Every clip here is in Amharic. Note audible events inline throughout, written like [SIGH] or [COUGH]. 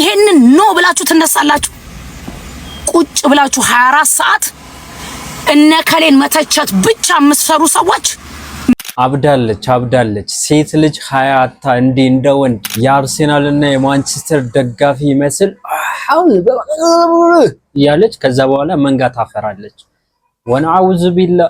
ይሄንን ኖ ብላችሁ ትነሳላችሁ። ቁጭ ብላችሁ 24 ሰዓት እነ ከሌን መተቸት ብቻ የምትሰሩ ሰዎች አብዳለች አብዳለች። ሴት ልጅ ሀያ አታ እንዲህ እንደ ወንድ የአርሴናል እና የማንቸስተር ደጋፊ ይመስል እያለች ከዛ በኋላ መንጋ ታፈራለች። ወነአውዝ ቢላ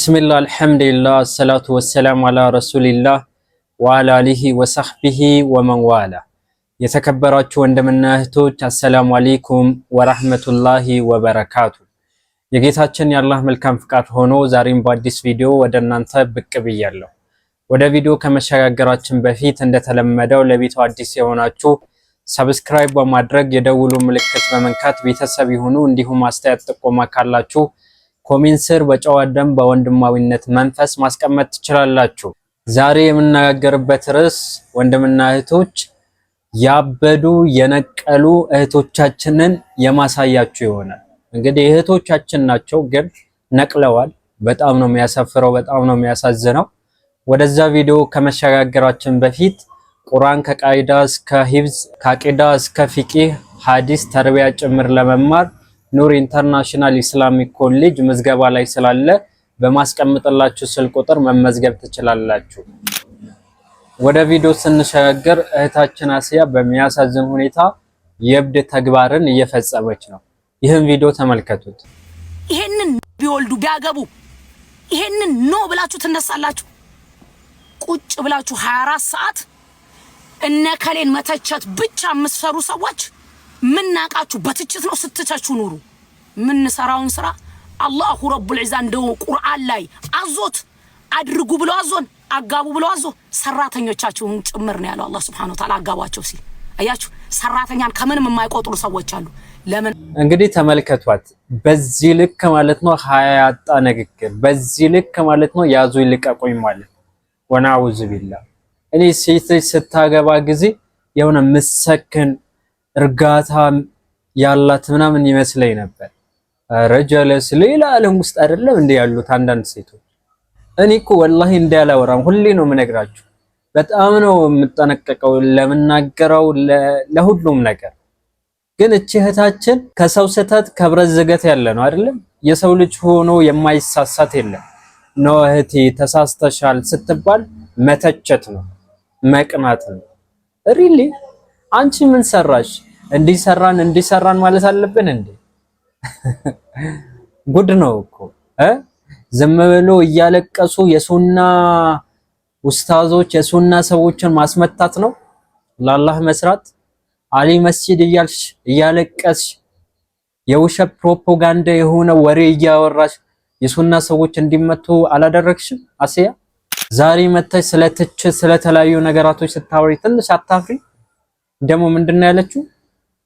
ብስሚላህ አልሐምዱሊላህ አሰላቱ ወሰላም አላ ረሱሊላህ ወአላ አሊሂ ወሰህቢሂ ወመንዋላ። የተከበራችሁ ወንድምና እህቶች አሰላሙ አሌይኩም ወረህመቱላሂ ወበረካቱ። የጌታችን የአላህ መልካም ፍቃድ ሆኖ ዛሬም በአዲስ ቪዲዮ ወደ እናንተ ብቅ ብያለሁ። ወደ ቪዲዮ ከመሸጋገራችን በፊት እንደተለመደው ለቤቱ አዲስ የሆናችሁ ሰብስክራይብ በማድረግ የደውሉ ምልክት በመንካት ቤተሰብ ይሁኑ። እንዲሁም አስተያየት ጥቆማ ካላችሁ ኮሜንት ስር በጨዋ ደም በወንድማዊነት መንፈስ ማስቀመጥ ትችላላችሁ። ዛሬ የምነጋገርበት ርዕስ ወንድምና እህቶች ያበዱ የነቀሉ እህቶቻችንን የማሳያችሁ ይሆናል። እንግዲህ እህቶቻችን ናቸው፣ ግን ነቅለዋል። በጣም ነው የሚያሳፍረው፣ በጣም ነው የሚያሳዝነው። ወደዛ ቪዲዮ ከመሸጋገራችን በፊት ቁርአን ከቃይዳ እስከ ሂብዝ ከአቂዳ እስከ ፊቂህ ሐዲስ ተርቢያ ጭምር ለመማር ኑር ኢንተርናሽናል ኢስላሚክ ኮሌጅ ምዝገባ ላይ ስላለ በማስቀምጥላችሁ ስልክ ቁጥር መመዝገብ ትችላላችሁ። ወደ ቪዲዮ ስንሸጋገር እህታችን አሲያ በሚያሳዝን ሁኔታ የእብድ ተግባርን እየፈጸመች ነው። ይህን ቪዲዮ ተመልከቱት። ይሄንን ቢወልዱ ቢያገቡ ይሄንን ኖ ብላችሁ ትነሳላችሁ። ቁጭ ብላችሁ 24 ሰዓት እነ ከሌን መተቸት ብቻ የምትሰሩ ሰዎች ምናቃችሁ በትችት ነው ስትተቹ ኑሩ። ምንሰራውን ስራ አላሁ ረቡል ዒዛ እንደው ቁርአን ላይ አዞት አድርጉ ብሎ አዞን አጋቡ ብሎ አዞ ሰራተኞቻችሁን ጭምር ነው ያለው አላህ ሱብሓነሁ ወተዓላ አጋቧቸው ሲል አያችሁ። ሰራተኛን ከምንም የማይቆጥሩ ሰዎች አሉ። ለምን እንግዲህ ተመልከቷት። በዚህ ልክ ማለት ነው ሀያጣ ንግግር፣ በዚህ ልክ ማለት ነው ያዙ ይልቀቁኝ ማለት ወናውዝ ቢላ እኔ ሴት ስታገባ ጊዜ የሆነ ምሰክን እርጋታ ያላት ምናምን ይመስለኝ ነበር። ረጀለስ ሌላ ዓለም ውስጥ አይደለም እንደ ያሉት አንዳንድ ሴቶች። እኔ እኮ ወላሂ እንዳላወራም ሁሌ ነው የምነግራችሁ። በጣም ነው የምጠነቀቀው ለምናገረው ለሁሉም ነገር። ግን እቺ እህታችን ከሰው ስህተት ከብረት ዝገት ያለ ነው አይደለም። የሰው ልጅ ሆኖ የማይሳሳት የለም። ነው እህቴ ተሳስተሻል ስትባል መተቸት ነው መቅናት ነው ሪሊ አንቺ ምን ሰራሽ? እንዲሰራን እንዲሰራን ማለት አለብን እንዴ? [LAUGHS] ጉድ ነው እኮ እ ዝም ብሎ እያለቀሱ የሱና ኡስታዞች የሱና ሰዎችን ማስመታት ነው ለአላህ መስራት። አሊ መስጂድ እያልሽ እያለቀስሽ የውሸት ፕሮፓጋንዳ የሆነ ወሬ እያወራሽ የሱና ሰዎች እንዲመቱ አላደረግሽም? አስያ ዛሬ መተሽ ስለትችት ስለተለያዩ ነገራቶች ስታወሪ ትንሽ አታፍሪ? ደግሞ ምንድን ነው ያለችው?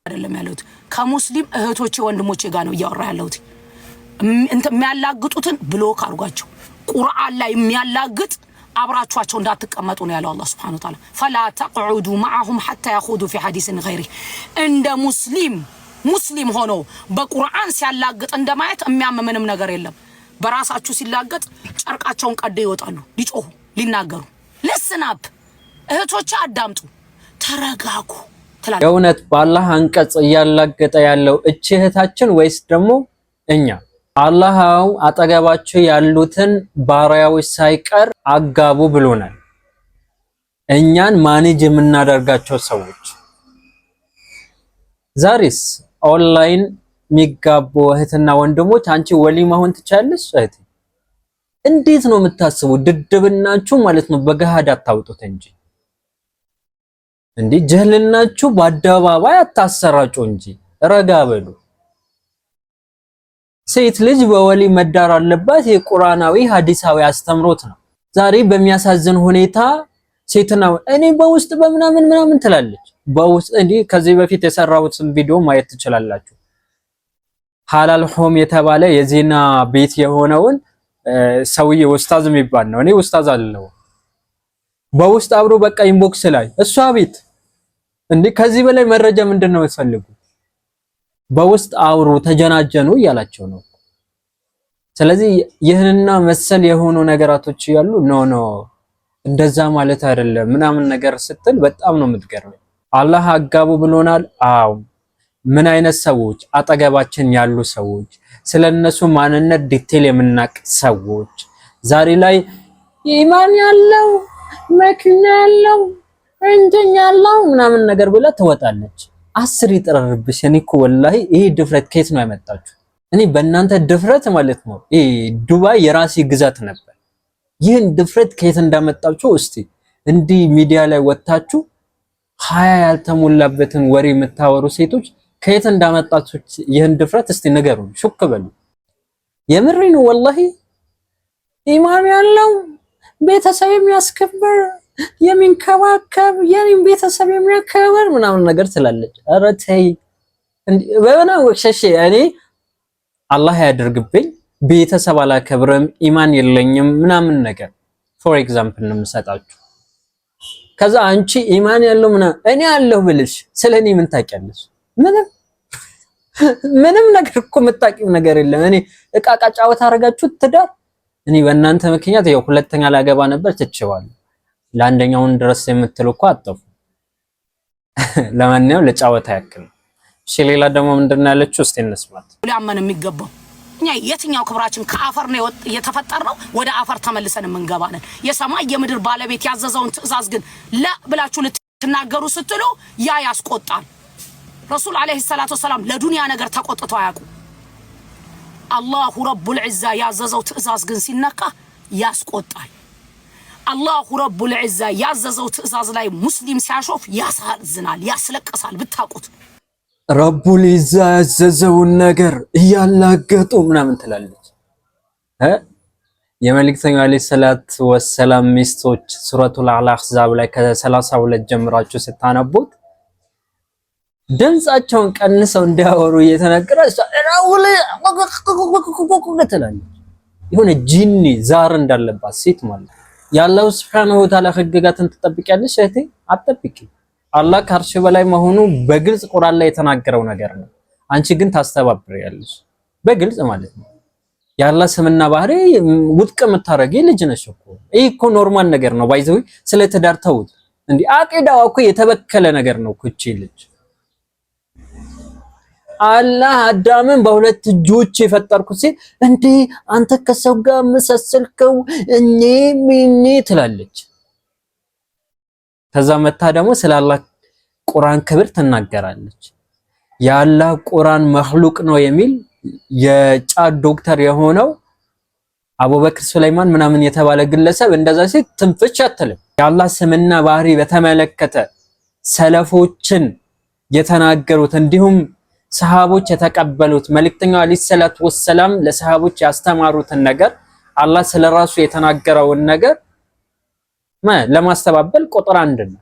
አይደለም ያለሁት ከሙስሊም እህቶቼ ወንድሞቼ ጋር ነው እያወራ ያለሁት። የሚያላግጡትን ብሎክ አድርጓቸው። ቁርአን ላይ የሚያላግጥ አብራችኋቸው እንዳትቀመጡ ነው ያለው አላህ ሱብሓነሁ ወተዓላ። ፈላ ተቅዑዱ መዐሁም ሐታ ያኹዱ ፊ ሐዲስን ገይሪህ። እንደ ሙስሊም ሙስሊም ሆኖ በቁርአን ሲያላግጥ እንደማየት የሚያምምንም ነገር የለም። በራሳችሁ ሲላገጥ ጨርቃቸውን ቀደው ይወጣሉ፣ ሊጮሁ ሊናገሩ። ልስናፕ እህቶቼ አዳምጡ። ተረጋጉ ትላለች። የእውነት በአላህ አንቀጽ እያላገጠ ያለው እቺ እህታችን ወይስ ደግሞ እኛ? አላህው አጠገባቸው ያሉትን ባሪያዎች ሳይቀር አጋቡ ብሎናል። እኛን ማኔጅ የምናደርጋቸው ሰዎች ዛሬስ ኦንላይን የሚጋቡ እህትና ወንድሞች አንቺ ወሊ መሆን ትቻለሽ እህቴ? እንዴት ነው የምታስቡ? ድድብናችሁ ማለት ነው። በገሃድ አታውጡት እንጂ እንዴ ጀህልናችሁ በአደባባይ አታሰራጩ እንጂ ረጋ በሉ። ሴት ልጅ በወሊ መዳር አለባት የቁርአናዊ ሐዲሳዊ አስተምሮት ነው። ዛሬ በሚያሳዝን ሁኔታ ሴትና እኔ በውስጥ በምናምን ምናምን ትላለች። በውስጥ እንዴ ከዚህ በፊት የሰራሁትን ቪዲዮ ማየት ትችላላችሁ። ሐላል ሆም የተባለ የዜና ቤት የሆነውን ሰውዬ ውስታዝ የሚባል ነው። እኔ ኡስታዝ አለው በውስጥ አብሮ በቃ ኢንቦክስ ላይ እሷ ቤት እንዴ! ከዚህ በላይ መረጃ ምንድን ነው የምትፈልጉ? በውስጥ አብሮ ተጀናጀኑ እያላቸው ነው። ስለዚህ ይህንና መሰል የሆኑ ነገራቶች እያሉ ኖ ኖ እንደዛ ማለት አይደለም ምናምን ነገር ስትል በጣም ነው የምትገርመኝ። አላህ አጋቡ ብሎናል። አዎ ምን አይነት ሰዎች አጠገባችን ያሉ ሰዎች፣ ስለነሱ ማንነት ዲቴል የምናቅ ሰዎች ዛሬ ላይ ኢማን ያለው መኪናለው እንጀኛለው ምናምን ነገር ብላ ትወጣለች። አስር ይጥረርብሽ። እኔ እኮ ወላሂ ይሄ ድፍረት ከየት ነው ያመጣችሁ? እኔ በእናንተ ድፍረት ማለት ነው ይሄ ዱባይ የራሴ ግዛት ነበር። ይህን ድፍረት ከየት እንዳመጣችሁ እስቲ እንዲህ ሚዲያ ላይ ወጥታችሁ ሀያ ያልተሞላበትን ወሬ የምታወሩ ሴቶች ከየት እንዳመጣችሁ ይህን ድፍረት እስቲ ንገሩን፣ ሹክ በሉ። የምሬ ነው ወላሂ ኢማን ያለው ቤተሰብ የሚያስከብር የሚንከባከብ የኔም ቤተሰብ የሚያከብር ምናምን ነገር ትላለች። ኧረ ተይ በሆነ ወክሸሽ እኔ አላህ ያደርግብኝ ቤተሰብ አላከብርም ኢማን የለኝም ምናምን ነገር ፎር ኤግዛምፕል ነው የምሰጣችሁ። ከዛ አንቺ ኢማን ያለው ምና እኔ አለሁ ብልሽ ስለ እኔ ምን ታውቂያለሽ? ምንም ምንም ነገር እኮ የምታውቂው ነገር የለም። እኔ እቃ እቃ ጫወታ ትዳር እኔ በእናንተ ምክንያት ያው ሁለተኛ ላገባ ነበር ትችዋል። ለአንደኛውን ድረስ የምትሉ እኮ አጠፉ። [LAUGHS] ለማንኛውም ለጫወታ ያክል። እሺ ሌላ ደግሞ ምንድነው ያለችው? እስቲ እንስማት። ሊያመን የሚገባው እኛ የትኛው ክብራችን ከአፈር ነው ነው ወደ አፈር ተመልሰን የምንገባ ነን። የሰማይ የምድር ባለቤት ያዘዘውን ትእዛዝ ግን ለ ብላችሁ ልትናገሩ ስትሉ ያ ያስቆጣል። ረሱል አለይሂ ሰላቱ ሰላም ለዱንያ ነገር ተቆጥተው አያውቁ አላሁ ረቡል ዒዛ ያዘዘው ትዕዛዝ ግን ሲነካ ያስቆጣል። አላሁ ረቡል ዒዛ ያዘዘው ትዕዛዝ ላይ ሙስሊም ሲያሾፍ ያሳዝናል፣ ያስለቅሳል። ብታቁት ረቡል ዒዛ ያዘዘውን ነገር እያላገጡ ምናምን ትላለች። የመልእክተኛው ዓለይሂ ሰላት ወሰላም ሚስቶች ሱረቱል አሕዛብ ላይ ከሰላሳ ሁለት ጀምራችሁ ስታነቡት ድምፃቸውን ቀንሰው እንዲያወሩ እየተነገረ ትላለች። የሆነ ጂኒ ዛር እንዳለባት ሴት ማለት ያለው ስብሐነሁ ወተዓላ ህግጋትን ትጠብቂያለሽ እህቴ? አትጠብቂ። አላህ ከአርሽ በላይ መሆኑ በግልጽ ቁርአን ላይ የተናገረው ነገር ነው። አንቺ ግን ታስተባብሪያለሽ፣ በግልጽ ማለት ነው። የአላህ ስምና ባህሪ ውድቅ የምታረጊ ልጅ ነሽ እኮ። ይህ እኮ ኖርማል ነገር ነው። ባይዘው ስለ ትዳር ተውት። እንዲህ አቂዳዋ እኮ የተበከለ ነገር ነው ኩቺ ልጅ አላህ አዳምን በሁለት እጆች የፈጠርኩት ሲል እንዴ አንተ ከሰው ጋር መሰሰልከው እኔ ምን ትላለች። ከዛ መታ ደግሞ ስለ አላህ ቁርአን ክብር ትናገራለች። የአላህ ቁርአን መክሉቅ ነው የሚል የጫት ዶክተር የሆነው አቡበክር ሱለይማን ምናምን የተባለ ግለሰብ እንደዛ ሲል ትንፍች አትልም። የአላህ ስምና ባህሪ በተመለከተ ሰለፎችን የተናገሩት እንዲሁም ሰሃቦች የተቀበሉት መልእክተኛው አለይሂ ሰላቱ ወሰላም ለሰሃቦች ያስተማሩትን ነገር አላህ ስለራሱ የተናገረውን ነገር ለማስተባበል ቁጥር አንድ ነው።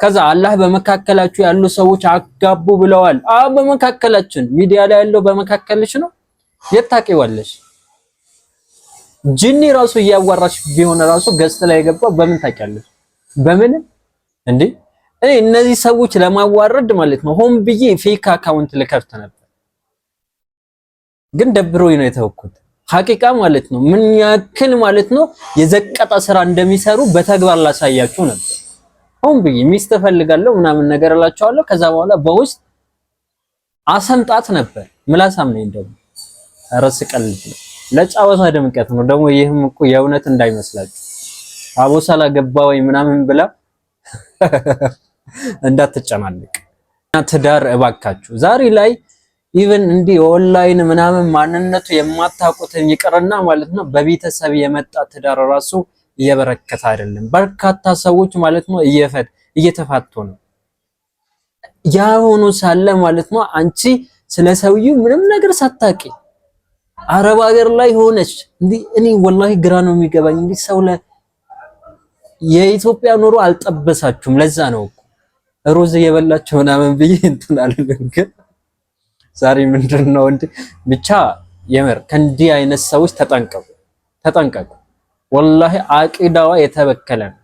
ከዛ አላህ በመካከላችሁ ያሉ ሰዎች አጋቡ ብለዋል። አዎ በመካከላችን ሚዲያ ላይ ያለው በመካከልሽ ነው። የት ታውቂዋለሽ? ጅኒ ራሱ እያዋራሽ ቢሆን ራሱ ገጽ ላይ የገባው በምን ታውቂያለሽ? በምን እንዴ እኔ እነዚህ ሰዎች ለማዋረድ ማለት ነው ሆን ብዬ ፌክ አካውንት ልከፍት ነበር፣ ግን ደብሮኝ ነው የተውኩት። ሀቂቃ ማለት ነው ምን ያክል ማለት ነው የዘቀጠ ስራ እንደሚሰሩ በተግባር ላሳያችሁ ነበር። ሆን ብዬ ሚስት እፈልጋለሁ ምናምን ነገር እላቸዋለሁ። ከዛ በኋላ በውስጥ አሰምጣት ነበር። ምላሳም ነኝ ደግሞ ረስ ቀልድ ነው፣ ለጫወታ ድምቀት ነው ደግሞ። ይህም እኮ የእውነት እንዳይመስላችሁ አቦሳላ ገባ ወይ ምናምን ብላ እንዳትጨማልቅ እና ትዳር እባካችሁ ዛሬ ላይ ኢቨን እንዲህ ኦንላይን ምናምን ማንነቱ የማታውቁትን ይቅርና ማለት ነው በቤተሰብ የመጣ ትዳር ራሱ እየበረከተ አይደለም። በርካታ ሰዎች ማለት ነው እየፈድ እየተፋቱ ነው። ያ ሆኖ ሳለ ማለት ነው አንቺ ስለ ሰውዬው ምንም ነገር ሳታቂ አረብ ሀገር ላይ ሆነች እንዲህ እኔ ወላሂ ግራ ነው የሚገባኝ። እንዲህ ሰው የኢትዮጵያ ኑሮ አልጠበሳችሁም። ለዛ ነው ሩዝ እየበላችሁ ምናምን ብዬ [LAUGHS] እንትን አልልም። ግን ዛሬ ምንድን ነው እንደ ብቻ የምር ከእንዲህ አይነት ሰዎች ተጠንቀቁ፣ ተጠንቀቁ። ወላሂ አቂዳዋ የተበከለ ነው።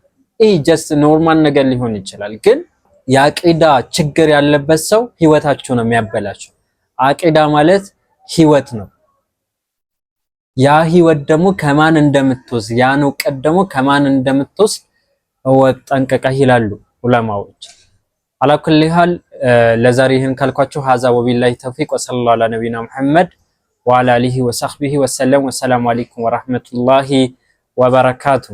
ይህ ጀስት ኖርማል ነገር ሊሆን ይችላል፣ ግን የአቂዳ ችግር ያለበት ሰው ህይወታቸው ነው የሚያበላቸው። አቂዳ ማለት ህይወት ነው። ያ ህይወት ደግሞ ከማን እንደምትወስድ ያን እውቀት ደግሞ ከማን እንደምትወስድ እወቅ፣ ጠንቀቀህ ይላሉ ዑለማዎች። አላኩልሃል ለዛሬ ይህን ካልኳችሁ ሀዛ ወቢላሂ ተውፊቅ ወሰለላሁ ዐላ ነቢና ሙሐመድ ወዐላ አሊሂ ወሰህቢሂ ወሰለም። ወሰላሙ አለይኩም ወራህመቱላሂ ወበረካቱ።